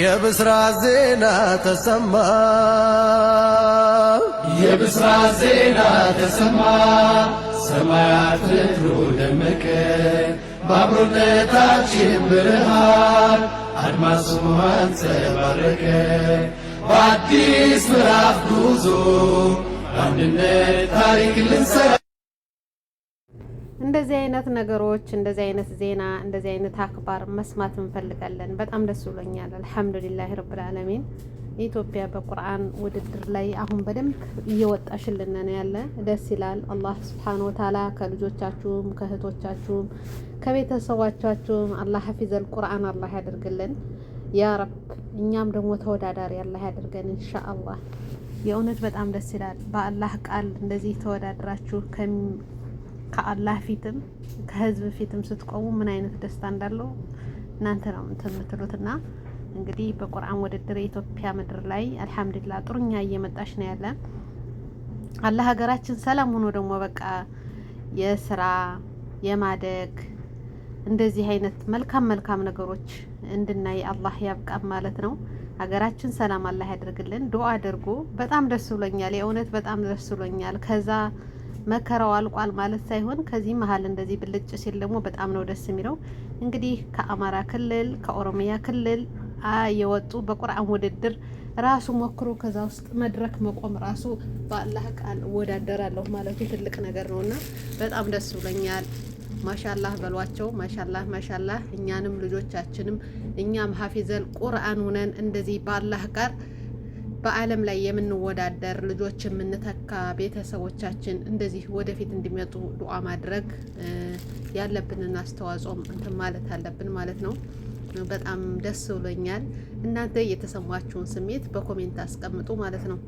የብስራት ዜና ተሰማ የብስራት ዜና ተሰማ ሰማያት ብሩ ደመቀ በአብሮነታችን ብርሃን አድማሱ አንጸባረቀ በአዲስ ምዕራፍ ጉዞ አንድነት ታሪክ ልንሰራ እንደዚህ አይነት ነገሮች እንደዚህ አይነት ዜና እንደዚህ አይነት አክባር መስማት እንፈልጋለን። በጣም ደስ ብሎኛል። አልሐምዱሊላህ ረብል አለሚን ኢትዮጵያ በቁርአን ውድድር ላይ አሁን በደንብ እየወጣሽልን ነው ያለ ደስ ይላል። አላህ ስብሓን ወታላ ከልጆቻችሁም ከእህቶቻችሁም ከቤተሰቦቻችሁም አላህ ሐፊዘል ቁርአን አላህ ያደርግልን ያ ረብ። እኛም ደግሞ ተወዳዳሪ አላህ ያደርገን አላህ። የእውነት በጣም ደስ ይላል። በአላህ ቃል እንደዚህ ተወዳድራችሁ ከአላህ ፊትም ከህዝብ ፊትም ስትቆሙ ምን አይነት ደስታ እንዳለው እናንተ ነው የምትሉት። እና እንግዲህ በቁርአን ውድድር የኢትዮጵያ ምድር ላይ አልሐምዱሊላህ ጥሩኛ እየመጣሽ ነው ያለ። አላህ ሀገራችን ሰላም ሆኖ ደግሞ በቃ የስራ የማደግ እንደዚህ አይነት መልካም መልካም ነገሮች እንድናይ አላህ ያብቃም ማለት ነው። ሀገራችን ሰላም አላህ ያደርግልን። ዱአ አድርጎ በጣም ደስ ብሎኛል። የእውነት በጣም ደስ ብሎኛል። ከዛ መከራው አልቋል ማለት ሳይሆን ከዚህ መሀል እንደዚህ ብልጭ ሲል ደግሞ በጣም ነው ደስ የሚለው። እንግዲህ ከአማራ ክልል ከኦሮሚያ ክልል የወጡ በቁርአን ውድድር ራሱ ሞክሮ ከዛ ውስጥ መድረክ መቆም ራሱ በአላህ ቃል እወዳደራለሁ ማለቱ ትልቅ ነገር ነው እና በጣም ደስ ብሎኛል። ማሻላህ በሏቸው። ማሻላህ ማሻላህ። እኛንም ልጆቻችንም እኛም ሀፊዘል ቁርአን ሁነን እንደዚህ በአላህ ጋር በዓለም ላይ የምንወዳደር ልጆች የምንተካ ቤተሰቦቻችን እንደዚህ ወደፊት እንዲመጡ ዱዓ ማድረግ ያለብንን አስተዋጽኦም እንትን ማለት አለብን ማለት ነው። በጣም ደስ ብሎኛል። እናንተ የተሰማችሁን ስሜት በኮሜንት አስቀምጡ ማለት ነው።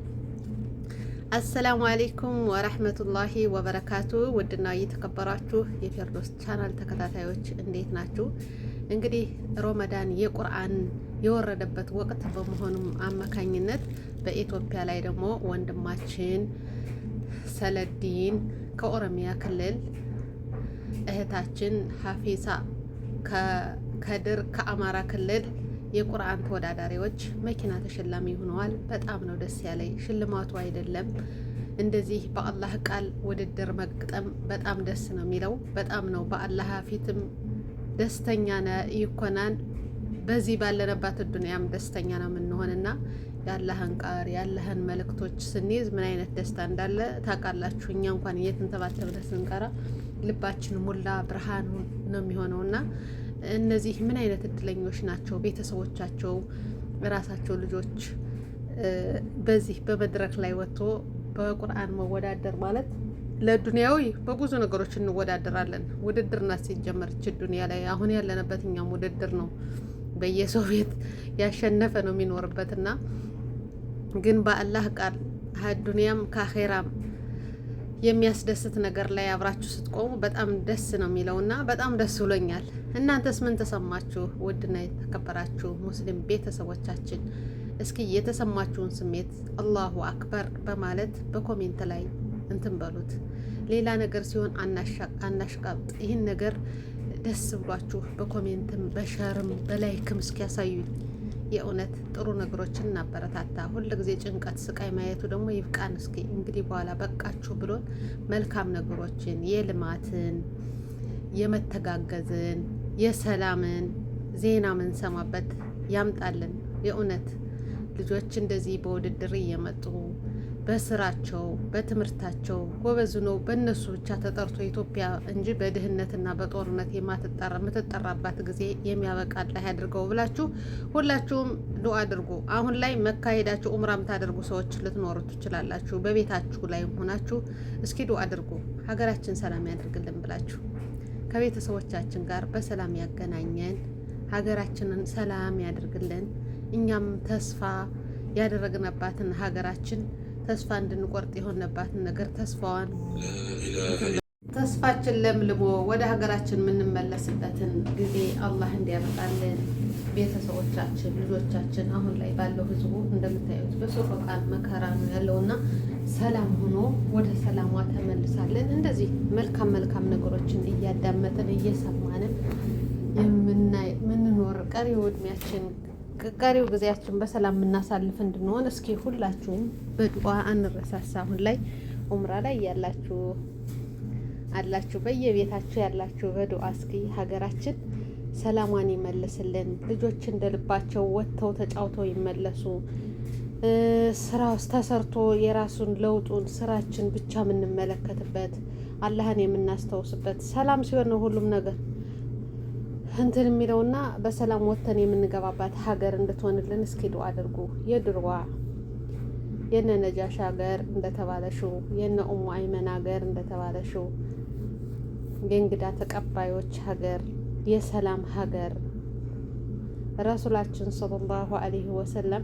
አሰላሙ አሌይኩም ወረህመቱላሂ ወበረካቱ። ውድና እየተከበራችሁ የፌርዶስ ቻናል ተከታታዮች እንዴት ናችሁ? እንግዲህ ሮመዳን የቁርአን የወረደበት ወቅት በመሆኑም አማካኝነት በኢትዮጵያ ላይ ደግሞ ወንድማችን ሰለዲን ከኦሮሚያ ክልል እህታችን ሀፊሳ ከድር ከአማራ ክልል የቁርአን ተወዳዳሪዎች መኪና ተሸላሚ ሆነዋል። በጣም ነው ደስ ያለኝ። ሽልማቱ አይደለም እንደዚህ በአላህ ቃል ውድድር መግጠም በጣም ደስ ነው የሚለው። በጣም ነው በአላህ ፊትም ደስተኛ ነ ይኮናል። በዚህ ባለንባት ዱንያም ደስተኛ ነው የምንሆንና ያለህን ቃር ያለህን መልእክቶች ስንይዝ ምን አይነት ደስታ እንዳለ ታውቃላችሁ። እኛ እንኳን እየተንተባተብን ስንቀራ ልባችን ሙላ ብርሃን ነው የሚሆነውና እነዚህ ምን አይነት እድለኞች ናቸው ቤተሰቦቻቸው ራሳቸው ልጆች በዚህ በመድረክ ላይ ወጥቶ በቁርአን መወዳደር ማለት ለዱንያዊ በብዙ ነገሮች እንወዳደራለን። ውድድር ናት ሲጀመር ይች ዱንያ ላይ አሁን ያለንበት እኛም ውድድር ነው። በየሶቪየት ያሸነፈ ነው የሚኖርበትና ግን በአላህ ቃል ሀዱኒያም ካኼራም የሚያስደስት ነገር ላይ አብራችሁ ስትቆሙ በጣም ደስ ነው የሚለው እና በጣም ደስ ብሎኛል። እናንተስ ምን ተሰማችሁ? ውድና የተከበራችሁ ሙስሊም ቤተሰቦቻችን እስኪ የተሰማችሁን ስሜት አላሁ አክበር በማለት በኮሜንት ላይ እንትን በሉት። ሌላ ነገር ሲሆን አናሽቃብጥ ይህን ነገር ደስ ብሏችሁ በኮሜንትም በሸርም በላይክም እስኪያሳዩኝ። የእውነት ጥሩ ነገሮችን እናበረታታ። ጊዜ ጭንቀት፣ ስቃይ ማየቱ ደግሞ ይብቃን። እስኪ እንግዲህ በኋላ በቃችሁ ብሎን መልካም ነገሮችን የልማትን፣ የመተጋገዝን፣ የሰላምን ዜና ምንሰማበት ያምጣልን። የእውነት ልጆች እንደዚህ በውድድር እየመጡ በስራቸው በትምህርታቸው ጎበዝ ነው። በእነሱ ብቻ ተጠርቶ ኢትዮጵያ እንጂ በድህነትና በጦርነት የማትጠራ የምትጠራባት ጊዜ የሚያበቃ ላይ አድርገው ብላችሁ ሁላችሁም ዱ አድርጉ። አሁን ላይ መካሄዳችሁ ኡምራ የምታደርጉ ሰዎች ልትኖሩ ትችላላችሁ። በቤታችሁ ላይ ሆናችሁ እስኪ ዱ አድርጉ። ሀገራችን ሰላም ያደርግልን ብላችሁ ከቤተሰቦቻችን ጋር በሰላም ያገናኘን፣ ሀገራችንን ሰላም ያደርግልን። እኛም ተስፋ ያደረግነባትን ሀገራችን ተስፋ እንድንቆርጥ የሆነባትን ነገር ተስፋዋን ተስፋችን ለምልሞ ወደ ሀገራችን የምንመለስበትን ጊዜ አላህ እንዲያበቃልን። ቤተሰቦቻችን፣ ልጆቻችን አሁን ላይ ባለው ህዝቡ እንደምታዩት በሶፈቃን መከራ ነው ያለውና ሰላም ሆኖ ወደ ሰላሟ ተመልሳለን። እንደዚህ መልካም መልካም ነገሮችን እያዳመጥን እየሰማንን የምንኖር ቀሪ ዕድሜያችን ቀሪው ጊዜያችን በሰላም የምናሳልፍ እንድንሆን እስኪ ሁላችሁም በዱዓ አንረሳሳ። አሁን ላይ ኡምራ ላይ ያላችሁ አላችሁ፣ በየቤታችሁ ያላችሁ በዱዓ እስኪ ሀገራችን ሰላሟን ይመልስልን። ልጆች እንደልባቸው ወጥተው ተጫውተው ይመለሱ። ስራ ተሰርቶ የራሱን ለውጡን ስራችን ብቻ የምንመለከትበት አላህን የምናስታውስበት ሰላም ሲሆን ነው ሁሉም ነገር እንትን የሚለውና በሰላም ወጥተን የምንገባባት ሀገር እንድትሆንልን እስኪ ዱአ አድርጉ። የድርዋ የነ ነጃሽ ሀገር እንደተባለሽው የነ ኡሙ አይመን ሀገር እንደተባለሽው የእንግዳ ተቀባዮች ሀገር፣ የሰላም ሀገር ረሱላችን ሰለላሁ አለይሂ ወሰለም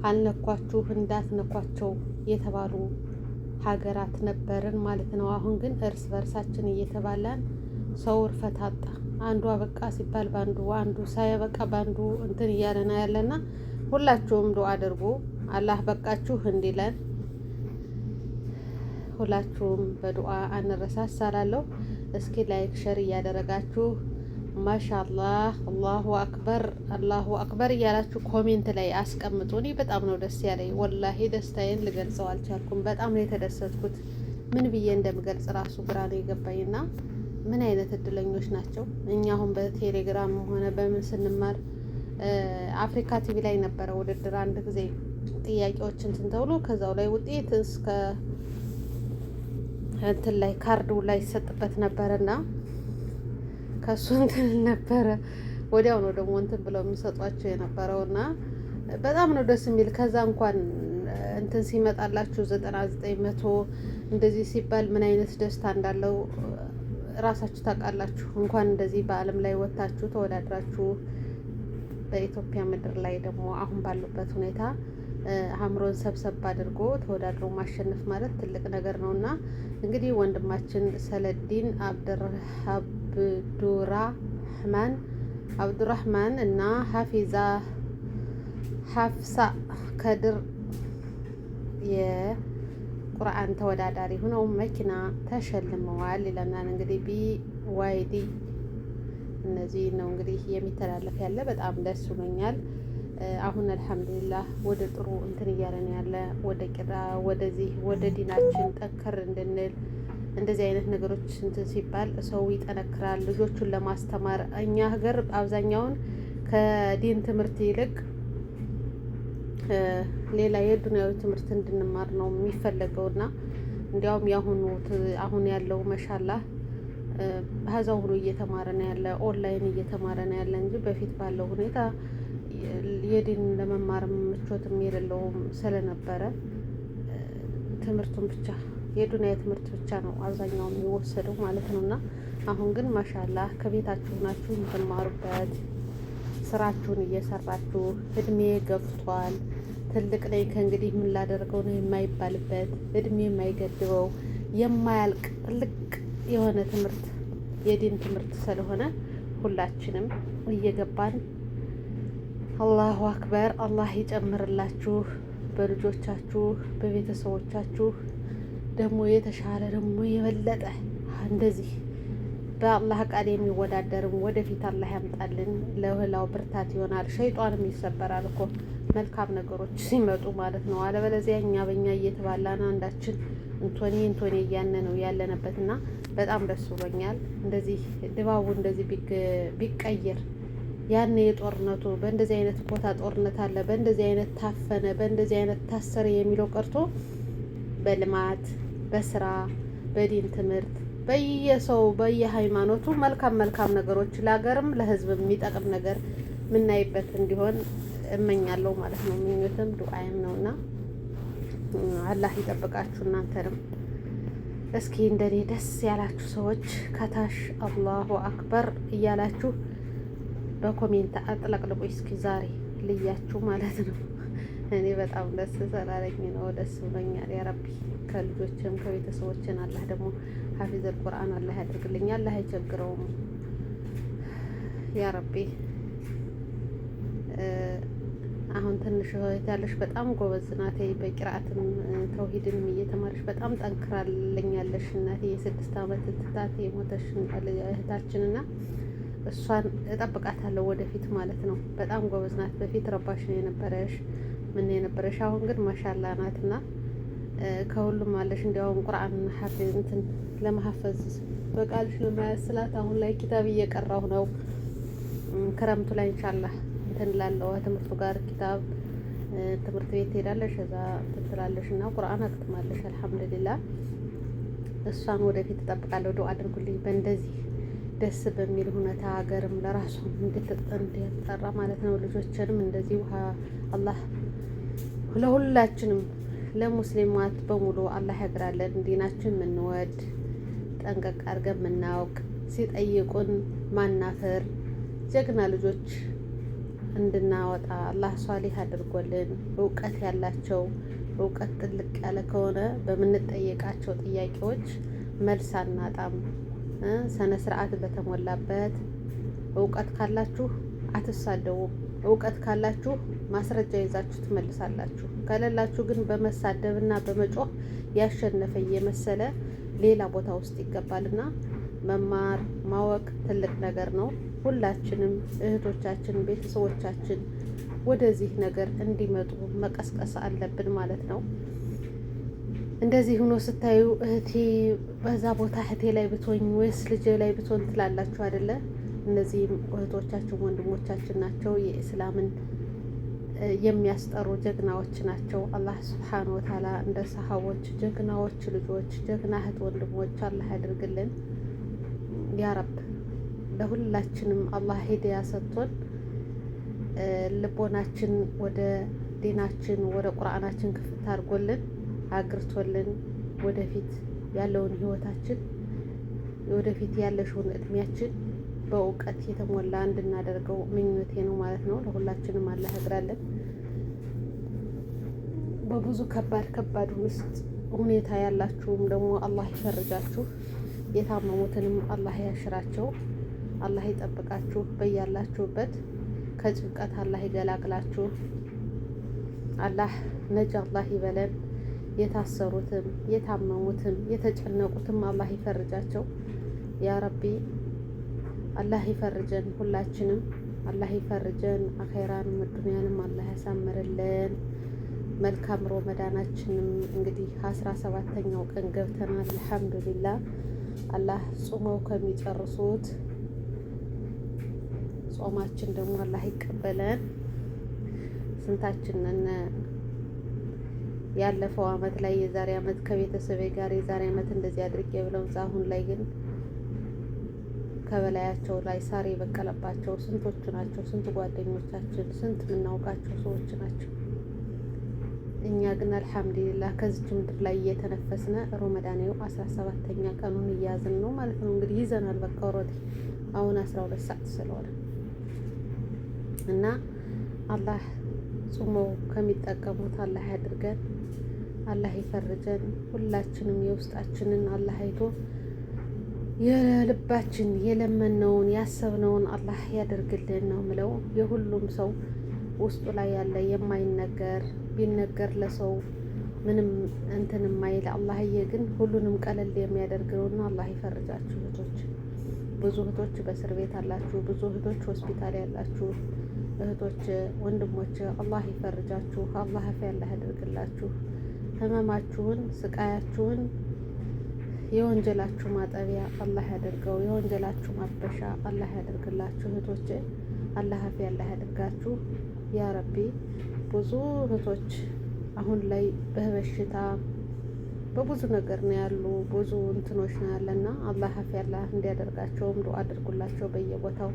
ካልነኳችሁ እንዳትነኳቸው የተባሉ ሀገራት ነበርን ማለት ነው። አሁን ግን እርስ በርሳችን እየተባላን ሰው እርፈት አጣ። አንዱ አበቃ ሲባል ባንዱ አንዱ ሳያበቃ ባንዱ እንትን እያለና ያለና ሁላችሁም ዱአ አድርጉ አላህ በቃችሁ እንዲለን ሁላችሁም በዱአ አንረሳሳላለሁ። እስኪ ላይክ ሸር እያደረጋችሁ ማሻአላህ አላሁ አክበር አላሁ አክበር እያላችሁ ኮሜንት ላይ አስቀምጡ። እኔ በጣም ነው ደስ ያለኝ፣ ወላሂ ደስታዬን ልገልጸው አልቻልኩም። በጣም ነው የተደሰትኩት። ምን ብዬ እንደምገልጽ ራሱ ግራ ነው የገባኝና ምን አይነት እድለኞች ናቸው? እኛ አሁን በቴሌግራም ሆነ በምን ስንማር አፍሪካ ቲቪ ላይ ነበረ ውድድር። አንድ ጊዜ ጥያቄዎች እንትን ተብሎ ከዛው ላይ ውጤት እስከ እንትን ላይ ካርዱ ላይ ይሰጥበት ነበረና ከሱ እንትን ነበረ ወዲያው ነው ደግሞ እንትን ብለው የሚሰጧቸው የነበረውና በጣም ነው ደስ የሚል። ከዛ እንኳን እንትን ሲመጣላችሁ ዘጠና ዘጠኝ መቶ እንደዚህ ሲባል ምን አይነት ደስታ እንዳለው ራሳችሁ ታውቃላችሁ። እንኳን እንደዚህ በዓለም ላይ ወጥታችሁ ተወዳድራችሁ በኢትዮጵያ ምድር ላይ ደግሞ አሁን ባሉበት ሁኔታ አእምሮን ሰብሰብ አድርጎ ተወዳድሮ ማሸነፍ ማለት ትልቅ ነገር ነው እና እንግዲህ ወንድማችን ሰለዲን አብዱራህማን አብዱራህማን እና ሀፊዛ ሀፍሳ ከድር ቁርአን ተወዳዳሪ ሆነው መኪና ተሸልመዋል ይለናል። እንግዲህ ቢዋይዲ እነዚህ ነው እንግዲህ የሚተላለፍ ያለ። በጣም ደስ ብሎኛል። አሁን አልሐምዱሊላህ ወደ ጥሩ እንትን እያለን ያለ ወደ ቂራ ወደዚህ ወደ ዲናችን ጠንከር እንድንል እንደዚህ አይነት ነገሮች እንትን ሲባል ሰው ይጠነክራል። ልጆቹን ለማስተማር እኛ ሀገር አብዛኛውን ከዲን ትምህርት ይልቅ ሌላ የዱንያዊ ትምህርት እንድንማር ነው የሚፈለገውና እንዲያውም የአሁኑ አሁን ያለው መሻላ ሀዛው ሁሉ እየተማረ ነው ያለ ኦንላይን እየተማረ ነው ያለ እንጂ በፊት ባለው ሁኔታ የዲን ለመማር ምቾትም የሌለውም ስለነበረ ትምህርቱን ብቻ የዱንያ ትምህርት ብቻ ነው አብዛኛው የሚወሰደው ማለት ነው። እና አሁን ግን ማሻላ ከቤታችሁ ናችሁ የምትማሩበት ስራችሁን እየሰራችሁ እድሜ ገብቷል። ትልቅ ነኝ ከእንግዲህ ምን ላደርገው ነው የማይባልበት እድሜ የማይገድበው የማያልቅ ትልቅ የሆነ ትምህርት የዲን ትምህርት ስለሆነ ሁላችንም እየገባን አላሁ አክበር አላህ ይጨምርላችሁ በልጆቻችሁ በቤተሰቦቻችሁ ደግሞ የተሻለ ደግሞ የበለጠ እንደዚህ በአላህ ቃል የሚወዳደርም ወደፊት አላህ ያምጣልን። ለህላው ብርታት ይሆናል። ሸይጧንም ይሰበራል እኮ መልካም ነገሮች ሲመጡ ማለት ነው። አለበለዚያ እኛ በእኛ እየተባላን አንዳችን እንቶኔ እንቶኔ እያነ ነው ያለንበት እና በጣም ደስ ብሎኛል። እንደዚህ ድባቡ እንደዚህ ቢቀየር ያን የጦርነቱ በእንደዚህ አይነት ቦታ ጦርነት አለ፣ በእንደዚህ አይነት ታፈነ፣ በእንደዚህ አይነት ታሰረ የሚለው ቀርቶ በልማት በስራ በዲን ትምህርት በየሰው በየሃይማኖቱ መልካም መልካም ነገሮች ለሀገርም ለሕዝብ የሚጠቅም ነገር የምናይበት እንዲሆን እመኛለሁ ማለት ነው። ምኞትም ዱአይም ነውና አላህ ይጠብቃችሁ እናንተንም። እስኪ እንደኔ ደስ ያላችሁ ሰዎች ከታሽ አላሁ አክበር እያላችሁ በኮሜንት አጥለቅልቁ። እስኪ ዛሬ ልያችሁ ማለት ነው። እኔ በጣም ደስ ስላለኝ ነው፣ ደስ ብሎኛል። ያ ረቢ ከልጆችም ከቤተሰቦችን አላህ ደግሞ ሀፊዘል ቁርአን አላህ ያደርግልኝ፣ አላህ አይቸግረውም። ያ ረቢ አሁን ትንሽ ያለሽ በጣም ጎበዝ ናት። በቂራአትም ተውሂድም እየተማረሽ በጣም ጠንክራለኝ እናቴ የስድስት ዓመት ትታት የሞተሽ ና እሷን እጠብቃታለሁ ወደፊት ማለት ነው። በጣም ጎበዝ ናት። በፊት ረባሽ ነው የነበረሽ ምን የነበረሽ፣ አሁን ግን ማሻላ ናት ና ከሁሉም አለሽ። እንዲያውም ቁርአን ሐፊዝ እንትን ለመሐፈዝ በቃልሽ ለማያስላት አሁን ላይ ኪታብ እየቀራሁ ነው ክረምቱ ላይ ኢንሻአላህ እንትን ላለው ትምህርቱ ጋር ኪታብ ትምህርት ቤት ትሄዳለሽ፣ እዛ ትትላለሽ እና ቁርአን አክትማለሽ። አልሐምዱሊላ እሷን ወደፊት እጠብቃለሁ። ዶ አድርጉልኝ በእንደዚህ ደስ በሚል ሁኔታ ሀገርም ለራሱ እንድትጠራ ማለት ነው። ልጆችንም እንደዚህ ውሃ አላህ ለሁላችንም ለሙስሊማት በሙሉ አላህ ያግራለን። ዲናችን የምንወድ ጠንቀቅ አድርገን የምናውቅ ሲጠይቁን ማናፈር ጀግና ልጆች እንድናወጣ አላህ ሷሊህ አድርጎልን እውቀት ያላቸው እውቀት ጥልቅ ያለ ከሆነ በምንጠየቃቸው ጥያቄዎች መልስ አናጣም። ስነ ስርዓት በተሞላበት እውቀት ካላችሁ አትሳደቡም። እውቀት ካላችሁ ማስረጃ ይዛችሁ ትመልሳላችሁ። ከሌላችሁ ግን በመሳደብ ና በመጮህ ያሸነፈ እየመሰለ ሌላ ቦታ ውስጥ ይገባልና መማር ማወቅ ትልቅ ነገር ነው። ሁላችንም እህቶቻችን፣ ቤተሰቦቻችን ወደዚህ ነገር እንዲመጡ መቀስቀስ አለብን ማለት ነው። እንደዚህ ሆኖ ስታዩ እህቴ በዛ ቦታ እህቴ ላይ ብትሆኝ ወይስ ልጄ ላይ ብትሆን ትላላችሁ አይደለ? እነዚህም እህቶቻችን ወንድሞቻችን ናቸው። የእስላምን የሚያስጠሩ ጀግናዎች ናቸው። አላህ ስብሓን ወታላ እንደ ሰሃቦች ጀግናዎች ልጆች፣ ጀግና እህት ወንድሞች አላህ ያድርግልን ያረብ። ለሁላችንም አላህ ሂዳያ ሰጥቶን ልቦናችን ወደ ዲናችን ወደ ቁርአናችን ክፍት አድርጎልን አግርቶልን ወደፊት ያለውን ህይወታችን ወደፊት ያለሽውን እድሜያችን በእውቀት የተሞላ እንድናደርገው ምኞቴ ነው ማለት ነው። ለሁላችንም አላህ ያግራለን። በብዙ ከባድ ከባድ ውስጥ ሁኔታ ያላችሁም ደግሞ አላህ ይፈርጃችሁ። የታመሙትንም አላህ ያሽራቸው። አላህ ይጠብቃችሁ። በያላችሁበት ከጭንቀት አላህ ይገላግላችሁ። አላህ ነጅ አላህ ይበለን። የታሰሩትም የታመሙትም የተጨነቁትም አላህ ይፈርጃቸው። ያ ረቢ አላህ ይፈርጀን፣ ሁላችንም አላህ ይፈርጀን። አኼራንም ዱንያንም አላህ ያሳምርልን። መልካም ሮመዳናችንም እንግዲህ አስራ ሰባተኛው ቀን ገብተናል። አልሐምዱሊላህ አላህ ጾመው ከሚጨርሱት ጾማችን ደግሞ አላህ ይቀበለን። ስንታችንን ያለፈው አመት ላይ የዛሬ አመት ከቤተሰቤ ጋር የዛሬ አመት እንደዚህ አድርጌ ብለው አሁን ላይ ግን ከበላያቸው ላይ ሳር የበቀለባቸው ስንቶቹ ናቸው? ስንት ጓደኞቻችን፣ ስንት የምናውቃቸው ሰዎች ናቸው። እኛ ግን አልሐምዱሊላህ ከዚች ምድር ላይ እየተነፈስነ ሮመዳኔው አስራ ሰባተኛ ቀኑን እያዝን ነው ማለት ነው። እንግዲህ ይዘናል በቃ ወሮቴ አሁን አስራ ሁለት ሰዓት ስለሆነ እና አላህ ጾመው ከሚጠቀሙት አላህ ያድርገን፣ አላህ ይፈርጀን። ሁላችንም የውስጣችንን አላህ አይቶ የልባችን የለመነውን ያሰብነውን አላህ ያደርግልን ነው ምለው። የሁሉም ሰው ውስጡ ላይ ያለ የማይነገር ቢነገር ለሰው ምንም እንትን የማይል አላህዬ ግን ሁሉንም ቀለል የሚያደርግ ነውና አላህ ይፈርጃችሁ እህቶች። ብዙ እህቶች በእስር ቤት አላችሁ፣ ብዙ እህቶች ሆስፒታል ያላችሁ እህቶች፣ ወንድሞች አላህ ይፈርጃችሁ። አላህ አፍ ያላህ ያደርግላችሁ። ህመማችሁን፣ ስቃያችሁን የወንጀላችሁ ማጠቢያ አላህ ያደርገው። የወንጀላችሁ ማበሻ አላህ ያደርግላችሁ። እህቶች አላህ አፍ ያላህ ያደርጋችሁ። ያ ረቢ ብዙ እህቶች አሁን ላይ በበሽታ በብዙ ነገር ነው ያሉ፣ ብዙ እንትኖች ነው ያለና አላህ አፍ ያላህ እንዲያደርጋቸውም ዱአ አድርጉላቸው በየቦታው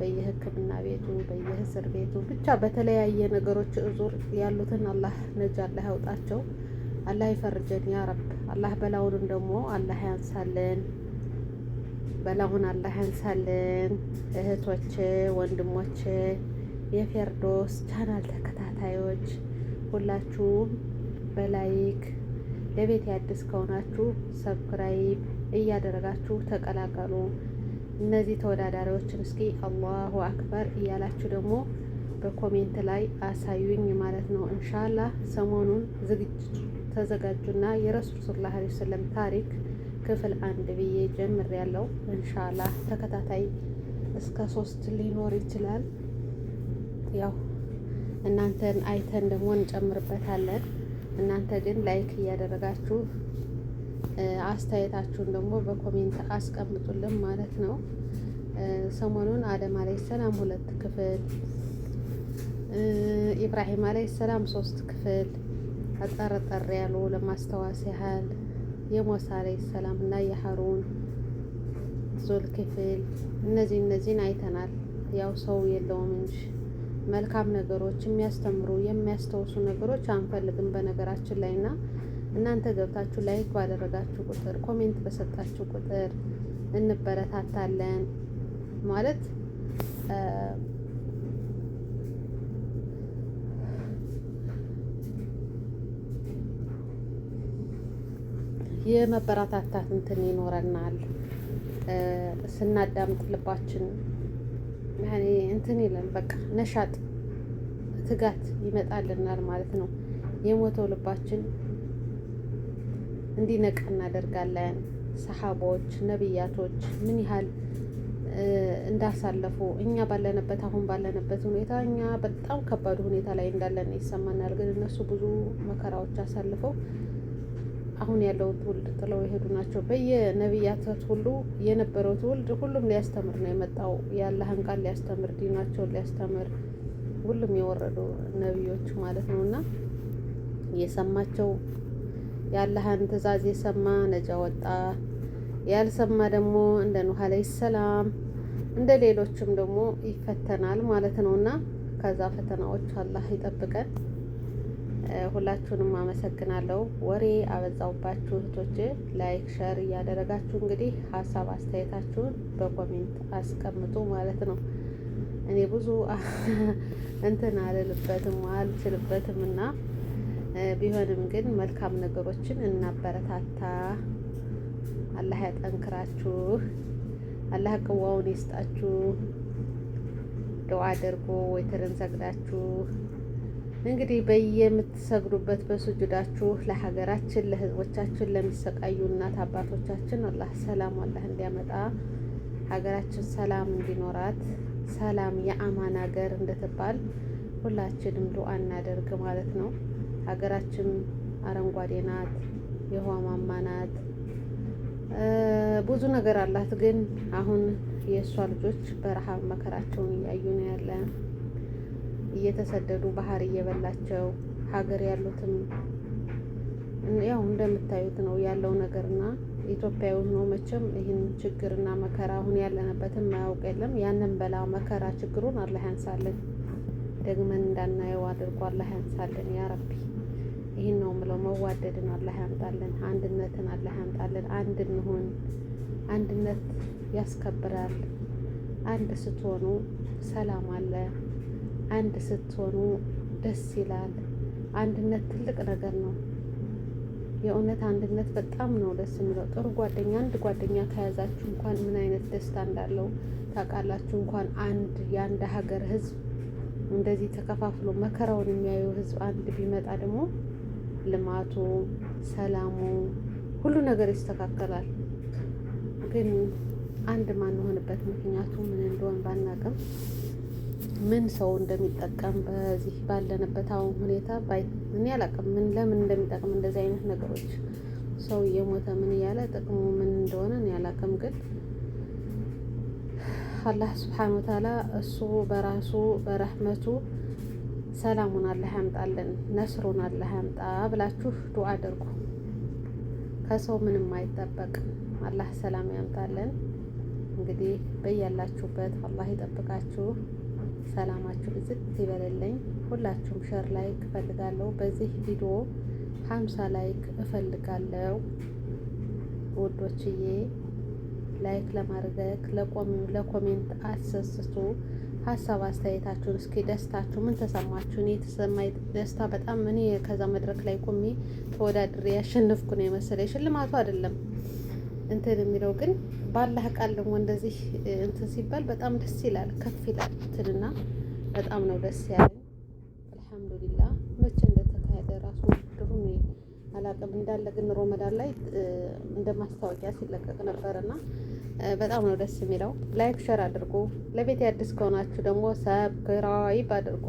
በየህክምና ቤቱ በየእስር ቤቱ ብቻ በተለያየ ነገሮች እዙር ያሉትን አላህ ነጅ አላህ ያውጣቸው፣ አላህ ይፈርጀን ያ ረብ። አላህ በላውንም ደግሞ አላህ ያንሳልን፣ በላውን አላህ ያንሳልን። እህቶች ወንድሞች፣ የፌርዶስ ቻናል ተከታታዮች ሁላችሁም በላይክ ለቤት አዲስ ከሆናችሁ ሰብስክራይብ እያደረጋችሁ ተቀላቀሉ። እነዚህ ተወዳዳሪዎችን እስኪ አላሁ አክበር እያላችሁ ደግሞ በኮሜንት ላይ አሳዩኝ ማለት ነው። እንሻላ ሰሞኑን ዝግጅት ተዘጋጁና የረሱል ሰለላሁ ዐለይሂ ወሰለም ታሪክ ክፍል አንድ ብዬ ጀምር ያለው እንሻላ ተከታታይ እስከ ሶስት ሊኖር ይችላል። ያው እናንተን አይተን ደግሞ እንጨምርበታለን። እናንተ ግን ላይክ እያደረጋችሁ አስተያየታችሁን ደግሞ በኮሜንት አስቀምጡልን ማለት ነው። ሰሞኑን አደም አለይ ሰላም ሁለት ክፍል፣ ኢብራሂም አለይ ሰላም ሶስት ክፍል አጠረጠር ያሉ ለማስተዋስ ያህል የሞሳ አለይ ሰላም እና የሀሩን ዞል ክፍል እነዚህ እነዚህን አይተናል። ያው ሰው የለውም እንጂ መልካም ነገሮች የሚያስተምሩ የሚያስታውሱ ነገሮች አንፈልግም በነገራችን ላይ እና እናንተ ገብታችሁ ላይክ ባደረጋችሁ ቁጥር ኮሜንት በሰጣችሁ ቁጥር እንበረታታለን ማለት የመበረታታት እንትን ይኖረናል። ስናዳምጥ ልባችን ያኔ እንትን ይለን በቃ ነሻጥ ትጋት ይመጣልናል ማለት ነው። የሞተው ልባችን እንዲነቅ እናደርጋለን። ሰሓቦች ነቢያቶች ምን ያህል እንዳሳለፉ እኛ ባለንበት አሁን ባለንበት ሁኔታ እኛ በጣም ከባድ ሁኔታ ላይ እንዳለን ይሰማናል። ግን እነሱ ብዙ መከራዎች አሳልፈው አሁን ያለውን ትውልድ ጥለው የሄዱ ናቸው። በየነቢያቶች ሁሉ የነበረው ትውልድ ሁሉም ሊያስተምር ነው የመጣው። ያለህን ቃል ሊያስተምር፣ ዲናቸውን ሊያስተምር ሁሉም የወረዱ ነቢዮች ማለት ነው እና የሰማቸው የአላህን ትእዛዝ የሰማ ነጃ ወጣ፣ ያልሰማ ደግሞ እንደ ኑህ አለይ ሰላም እንደ ሌሎችም ደግሞ ይፈተናል ማለት ነው እና ከዛ ፈተናዎች አላህ ይጠብቀን። ሁላችሁንም አመሰግናለሁ። ወሬ አበዛውባችሁ እህቶች ላይክ ሸር እያደረጋችሁ እንግዲህ ሀሳብ አስተያየታችሁን በኮሜንት አስቀምጡ ማለት ነው። እኔ ብዙ እንትን አልልበትም አልችልበትም እና ቢሆንም ግን መልካም ነገሮችን እናበረታታ። አላህ ያጠንክራችሁ፣ አላህ ቅዋውን ይስጣችሁ። ዱዓ አድርጎ ወይትርን ሰግዳችሁ እንግዲህ በየምትሰግዱበት በስጁዳችሁ ለሀገራችን ለህዝቦቻችን ለሚሰቃዩ እናት አባቶቻችን አላህ ሰላም አላህ እንዲያመጣ ሀገራችን ሰላም እንዲኖራት ሰላም የአማን ሀገር እንደትባል ሁላችንም ዱዓ እናደርግ ማለት ነው። ሀገራችን አረንጓዴ ናት፣ የውሃ ማማ ናት፣ ብዙ ነገር አላት። ግን አሁን የእሷ ልጆች በረሃብ መከራቸውን እያዩ ነው ያለ እየተሰደዱ ባህር እየበላቸው ሀገር ያሉትም ያው እንደምታዩት ነው ያለው ነገርና ኢትዮጵያዊ ሆኖ መቼም ይህን ችግርና መከራ አሁን ያለንበትን ማያውቅ የለም። ያንን በላ መከራ ችግሩን አላህ ያንሳልን፣ ደግመን እንዳናየው አድርጎ አላህ ያንሳልን ያረቢ። ይህን ነው ምለው። መዋደድን አላህ ያምጣልን፣ አንድነትን አላህ ያምጣልን። አንድ እንሆን። አንድነት ያስከብራል። አንድ ስትሆኑ ሰላም አለ። አንድ ስትሆኑ ደስ ይላል። አንድነት ትልቅ ነገር ነው። የእውነት አንድነት በጣም ነው ደስ የሚለው። ጥሩ ጓደኛ፣ አንድ ጓደኛ ከያዛችሁ እንኳን ምን አይነት ደስታ እንዳለው ታውቃላችሁ። እንኳን አንድ የአንድ ሀገር ህዝብ እንደዚህ ተከፋፍሎ መከራውን የሚያየው ህዝብ አንድ ቢመጣ ደግሞ ልማቱ፣ ሰላሙ፣ ሁሉ ነገር ይስተካከላል። ግን አንድ ማንሆንበት ምክንያቱ ምን እንደሆን ባናቅም ምን ሰው እንደሚጠቀም በዚህ ባለንበት አሁን ሁኔታ እኔ አላቅም። ምን ለምን እንደሚጠቅም እንደዚህ አይነት ነገሮች ሰው እየሞተ ምን እያለ ጥቅሙ ምን እንደሆነ እኔ አላቅም። ግን አላህ ስብሓን ወተዓላ እሱ በራሱ በረህመቱ ሰላሙን አላህ ያምጣልን፣ ነስሩን አላህ ያምጣ ብላችሁ ዱዓ አድርጉ። ከሰው ምንም አይጠበቅም። አላህ ሰላም ያምጣልን። እንግዲህ በያላችሁበት አላህ ይጠብቃችሁ። ሰላማችሁ ብዝት ይበልልኝ። ሁላችሁም ሸር ላይክ እፈልጋለሁ። በዚህ ቪዲዮ ሀምሳ ላይክ እፈልጋለሁ ወዶችዬ ላይክ ለማድረግ ለኮሜንት አሰስቱ። ሀሳብ አስተያየታችሁን እስኪ ደስታችሁ ምን ተሰማችሁ? እኔ የተሰማኝ ደስታ በጣም እኔ ከዛ መድረክ ላይ ቁሜ ተወዳድሬ ያሸነፍኩ ነው የመሰለኝ። ሽልማቱ አይደለም እንትን የሚለው ግን ባላህ ቃል ደግሞ እንደዚህ እንትን ሲባል በጣም ደስ ይላል፣ ከፍ ይላል። እንትንና በጣም ነው ደስ ያለ አልሐምዱሊላህ መቼም አላቅም እንዳለ ግን ሮመዳን ላይ እንደ ማስታወቂያ ሲለቀቅ ነበርና በጣም ነው ደስ የሚለው። ላይክ ሸር አድርጉ። ለቤት አዲስ ከሆናችሁ ደግሞ ሰብስክራይብ አድርጉ።